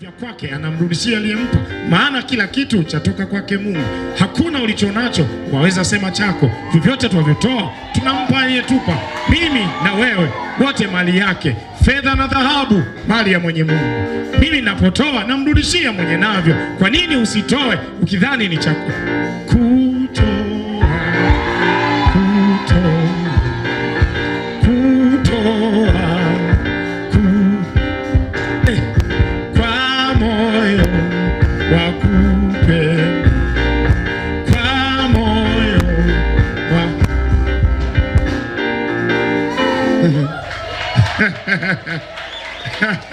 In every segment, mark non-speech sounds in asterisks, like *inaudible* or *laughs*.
vya kwake anamrudishia aliyempa, maana kila kitu chatoka kwake Mungu. Hakuna ulichonacho waweza sema chako, vyovyote twavyotoa tunampa aliyetupa. Mimi na wewe wote mali yake, fedha na dhahabu, mali ya mwenye Mungu. Mimi napotoa namrudishia mwenye navyo. Kwa nini usitoe ukidhani ni chako?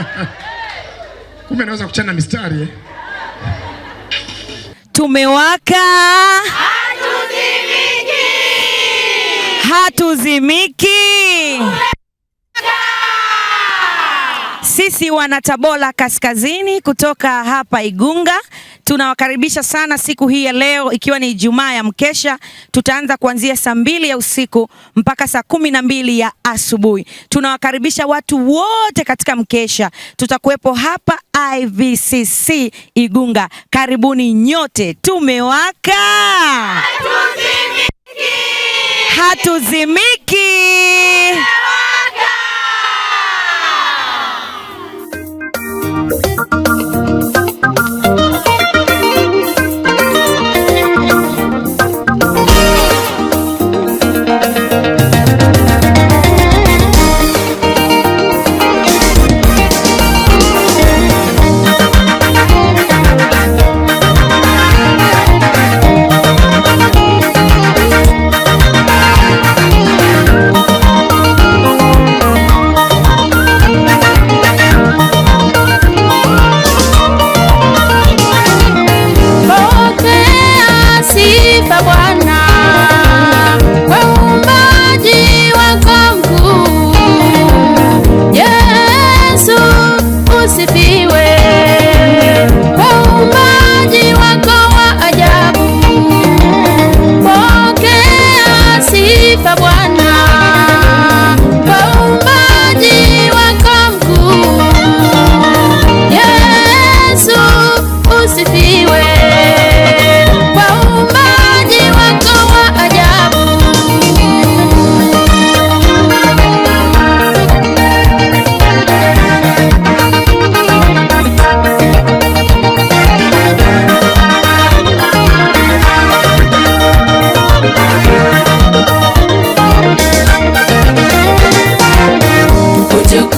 *laughs* Kumbe naweza kuchana mistari eh? Tumewaka hatuzimiki, hatuzimiki. Sisi wana Tabora Kaskazini kutoka hapa Igunga Tunawakaribisha sana siku hii ya leo, ikiwa ni Ijumaa ya mkesha. Tutaanza kuanzia saa mbili ya usiku mpaka saa kumi na mbili ya asubuhi. Tunawakaribisha watu wote katika mkesha, tutakuwepo hapa IVCC Igunga. Karibuni nyote, tumewaka hatuzimiki, hatuzimiki.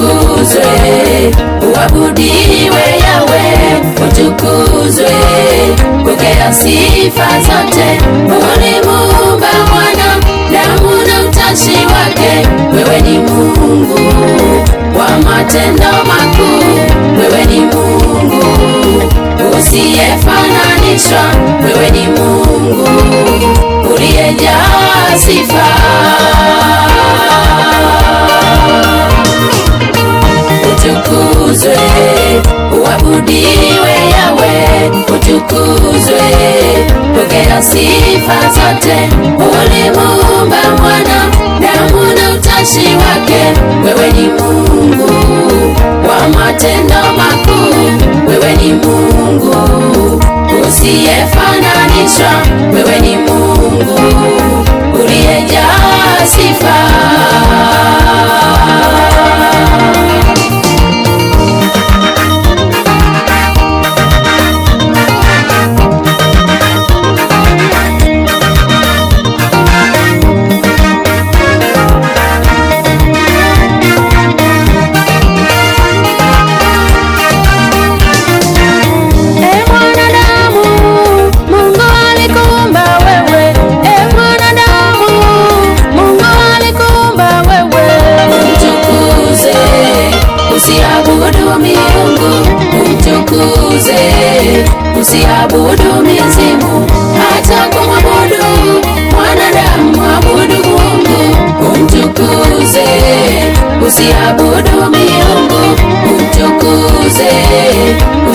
utukuzwe, uabudiwe Yawe, utukuzwe, pokea sifa zote. Mungu ni Muumba, Mwana, Damu na utashi wake. Wewe ni Mungu wa matendo makuu, wewe ni Mungu usiyefananishwa, wewe ni Mungu na sifa zote. Ulimuumba mwanadamu na utashi wake, wewe ni Mungu wa matendo makuu, wewe ni Mungu usiyefananishwa, wewe ni Mungu uliyejaa sifa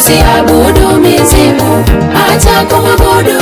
usiabudu mizimu, acha kumwabudu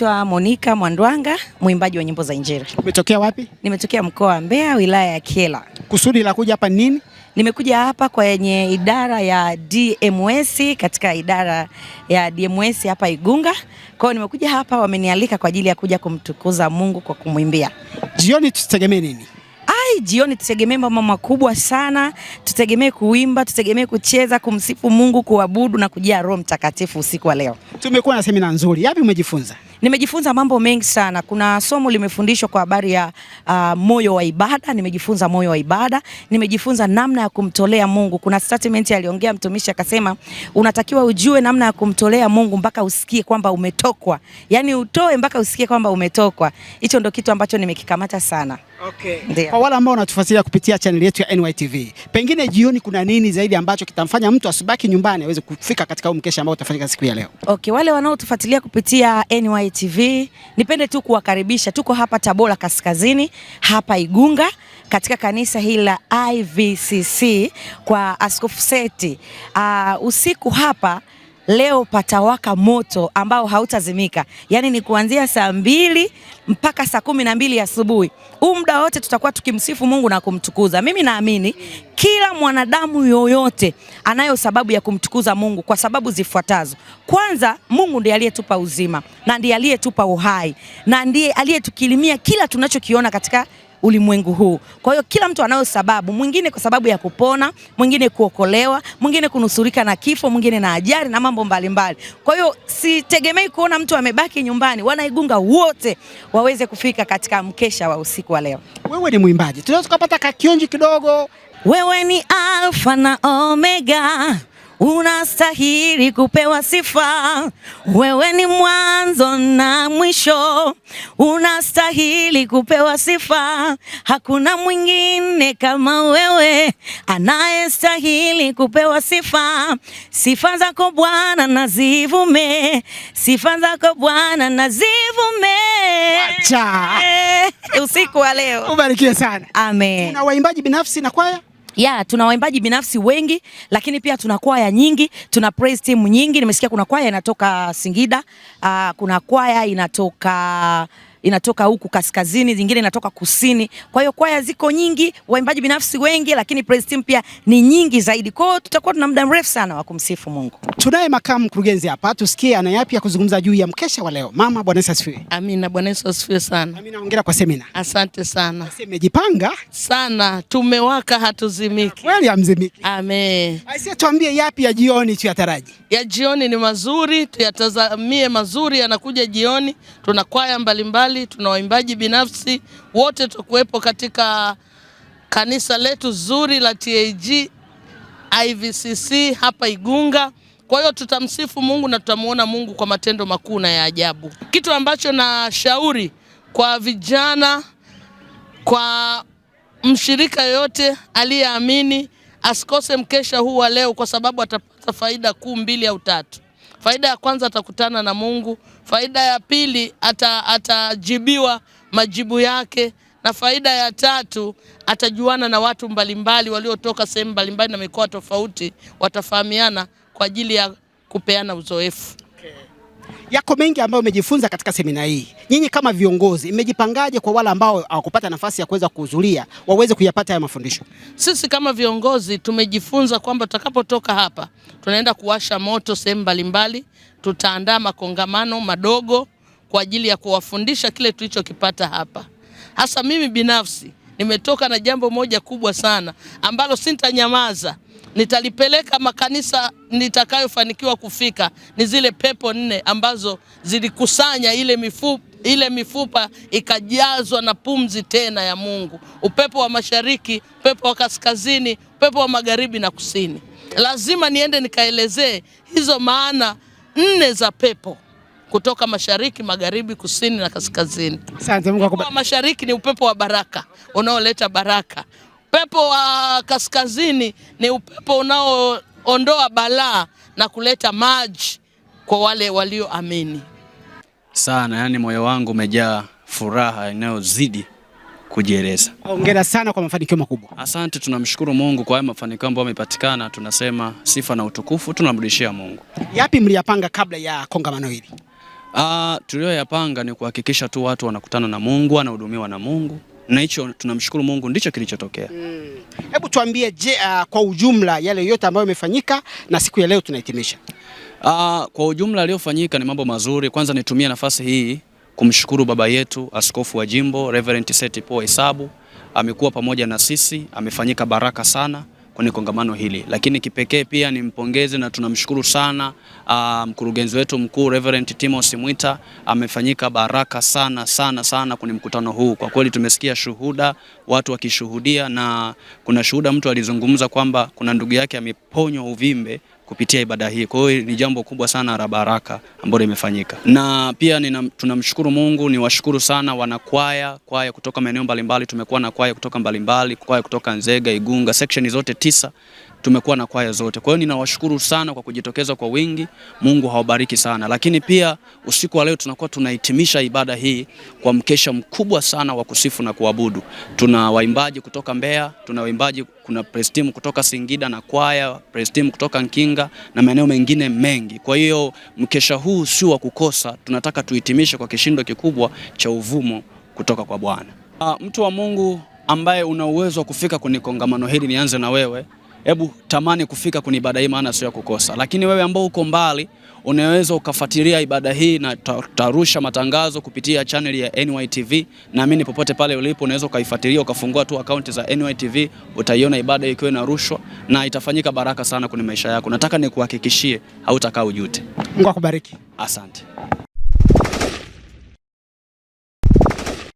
Naitwa Monica Mwandwanga, mwimbaji wa nyimbo za Injili. Umetokea wapi? Nimetokea mkoa wa Mbeya, wilaya ya Kyela. Kusudi la kuja hapa nini? Nimekuja hapa kwenye idara ya DMS, katika idara ya DMS hapa Igunga. Kwa hiyo nimekuja hapa, wamenialika kwa ajili ya kuja kumtukuza Mungu kwa kumwimbia. Jioni tutegemee nini? Ai, jioni tutegemee mambo makubwa sana. Tutegemee kuimba, tutegemee kucheza, kumsifu Mungu, kuabudu na kujia Roho Mtakatifu usiku wa leo. Tumekuwa na semina nzuri, yapi umejifunza? Nimejifunza mambo mengi sana. Kuna somo limefundishwa kwa habari ya uh, moyo wa ibada. Nimejifunza moyo wa ibada, nimejifunza namna ya kumtolea Mungu. Kuna statement aliongea mtumishi akasema, unatakiwa ujue namna ya kumtolea Mungu mpaka usikie kwamba umetokwa, yani utoe mpaka usikie kwamba umetokwa. Hicho ndo kitu ambacho nimekikamata sana. Okay. Kwa wale ambao wanatufuatilia kupitia chaneli yetu ya NYTV, pengine jioni kuna nini zaidi ambacho kitamfanya mtu asibaki nyumbani aweze kufika katika mkesha ambao utafanyika siku ya leo? Okay, wale wanaotufuatilia kupitia NYTV TV. Nipende tu kuwakaribisha, tuko hapa Tabora Kaskazini, hapa Igunga, katika kanisa hili la IVCC kwa Askofu Seti. Uh, usiku hapa leo patawaka moto ambao hautazimika, yaani ni kuanzia saa mbili mpaka saa kumi na mbili asubuhi. Huu muda wote tutakuwa tukimsifu Mungu na kumtukuza. Mimi naamini kila mwanadamu yoyote anayo sababu ya kumtukuza Mungu kwa sababu zifuatazo. Kwanza, Mungu ndiye aliyetupa uzima na ndiye aliyetupa uhai na ndiye aliyetukilimia kila tunachokiona katika ulimwengu huu. Kwa hiyo kila mtu anayo sababu, mwingine kwa sababu ya kupona, mwingine kuokolewa, mwingine kunusurika na kifo, mwingine na ajali na mambo mbalimbali. Kwa hiyo sitegemei kuona mtu amebaki nyumbani, wanaigunga wote waweze kufika katika mkesha wa usiku wa leo. Wewe ni mwimbaji, tunaweza tukapata kakionji kidogo? Wewe ni Alfa na Omega unastahili kupewa sifa, wewe ni mwanzo na mwisho, unastahili kupewa sifa. Hakuna mwingine kama wewe anayestahili kupewa sifa. Sifa zako Bwana nazivume, sifa zako Bwana nazivume. Acha *laughs* usiku wa leo ubarikiwe sana, amen. Una waimbaji binafsi na kwaya? ya yeah, tuna waimbaji binafsi wengi lakini pia tuna kwaya nyingi, tuna praise team nyingi. Nimesikia kuna kwaya inatoka Singida, uh, kuna kwaya inatoka inatoka huku kaskazini, zingine inatoka kusini. Kwa hiyo kwaya ziko nyingi, waimbaji binafsi wengi, lakini praise team pia ni nyingi zaidi. Kwa hiyo tutakuwa tuna muda mrefu sana wa kumsifu Mungu. Tunaye makamu mkurugenzi hapa, tusikie ana yapi ya kuzungumza juu ya mkesha wa leo. Mama, Bwana Yesu asifiwe. Amina, Bwana Yesu asifiwe sana. Amina, hongera kwa semina. Asante sana. Mmejipanga sana, tumewaka hatuzimiki. Kweli hamzimiki. Amen. Aisee, tuambie yapi ya jioni tu yataraji. Ya jioni ni mazuri, tuyatazamie mazuri yanakuja jioni. Tuna kwaya mbalimbali mbalimbali, tuna waimbaji binafsi, wote tutakuwepo katika kanisa letu zuri la TAG IVCC hapa Igunga. Kwa hiyo tutamsifu Mungu na tutamuona Mungu kwa matendo makuu na ya ajabu. Kitu ambacho nashauri kwa vijana, kwa mshirika yoyote aliyeamini asikose mkesha huu wa leo, kwa sababu atapata faida kuu mbili au tatu. Faida ya kwanza atakutana na Mungu, faida ya pili atajibiwa ata majibu yake, na faida ya tatu atajuana na watu mbalimbali waliotoka sehemu mbalimbali na mikoa tofauti, watafahamiana kwa ajili ya kupeana uzoefu. Yako mengi ambayo umejifunza katika semina hii. Nyinyi kama viongozi mmejipangaje kwa wale ambao hawakupata nafasi ya kuweza kuhudhuria waweze kuyapata haya mafundisho? Sisi kama viongozi tumejifunza kwamba tutakapotoka hapa tunaenda kuwasha moto sehemu mbalimbali, tutaandaa makongamano madogo kwa ajili ya kuwafundisha kile tulichokipata hapa. Hasa mimi binafsi nimetoka na jambo moja kubwa sana ambalo sintanyamaza nitalipeleka makanisa nitakayofanikiwa kufika. Ni zile pepo nne ambazo zilikusanya ile mifupa ile mifupa ikajazwa na pumzi tena ya Mungu, upepo wa mashariki, upepo wa kaskazini, upepo wa magharibi na kusini. Lazima niende nikaelezee hizo maana nne za pepo kutoka mashariki, magharibi, kusini na kaskazini. Asante Mungu akubariki. Mashariki ni upepo wa baraka unaoleta baraka. Upepo wa kaskazini ni upepo unaoondoa balaa na kuleta maji kwa wale walioamini sana. Yani moyo wangu umejaa furaha inayozidi kujieleza. Hongera sana kwa mafanikio makubwa. Asante, tunamshukuru Mungu kwa haya mafanikio ambayo yamepatikana. Tunasema sifa na utukufu tunamrudishia Mungu. Yapi mliyapanga kabla ya kongamano hili? Ah, tuliyoyapanga ni kuhakikisha tu watu wanakutana na Mungu, wanahudumiwa na Mungu na hicho tunamshukuru Mungu ndicho kilichotokea. Hmm. Hebu tuambie, je, uh, kwa ujumla yale yote ambayo yamefanyika na siku ya leo tunahitimisha. Uh, kwa ujumla aliyofanyika ni mambo mazuri. Kwanza nitumie nafasi hii kumshukuru baba yetu askofu wa jimbo Reverend Setipo Hesabu, amekuwa pamoja na sisi, amefanyika baraka sana kwenye kongamano hili, lakini kipekee pia nimpongeze na tunamshukuru sana uh, mkurugenzi wetu mkuu Reverend Timothy Mwita amefanyika baraka sana sana sana kwenye mkutano huu. Kwa kweli tumesikia shuhuda, watu wakishuhudia, na kuna shuhuda mtu alizungumza kwamba kuna ndugu yake ameponywa uvimbe kupitia ibada hii. Kwa hiyo ni jambo kubwa sana la baraka ambalo limefanyika, na pia nina, tunamshukuru Mungu. Niwashukuru sana wanakwaya kwaya kutoka maeneo mbalimbali. Tumekuwa na kwaya kutoka mbalimbali, kwaya kutoka Nzega, Igunga, section zote tisa tumekuwa na kwaya zote. Kwa hiyo ninawashukuru sana kwa kujitokeza kwa wingi. Mungu hawabariki sana. Lakini pia usiku wa leo tunakuwa tunahitimisha ibada hii kwa mkesha mkubwa sana wa kusifu na kuabudu. Tuna waimbaji kutoka Mbeya, tuna waimbaji, kuna praise team kutoka Singida na kwaya praise team kutoka Nkinga na maeneo mengine mengi. Kwa hiyo mkesha huu si wa kukosa. Tunataka tuhitimishe kwa kishindo kikubwa cha uvumo kutoka kwa Bwana. Ah, mtu wa Mungu ambaye una uwezo wa kufika kwenye kongamano hili, nianze na wewe hebu tamani kufika kwenye ibada hii, maana sio ya kukosa. Lakini wewe ambao uko mbali, unaweza ukafuatilia ibada hii na tarusha matangazo kupitia channel ya NYTV. Naamini popote pale ulipo, unaweza ukaifuatilia, ukafungua tu akaunti za NYTV, utaiona ibada ikiwa inarushwa na itafanyika baraka sana kwenye maisha yako. Nataka nikuhakikishie, hautakaa ujute. Mungu akubariki. Asante.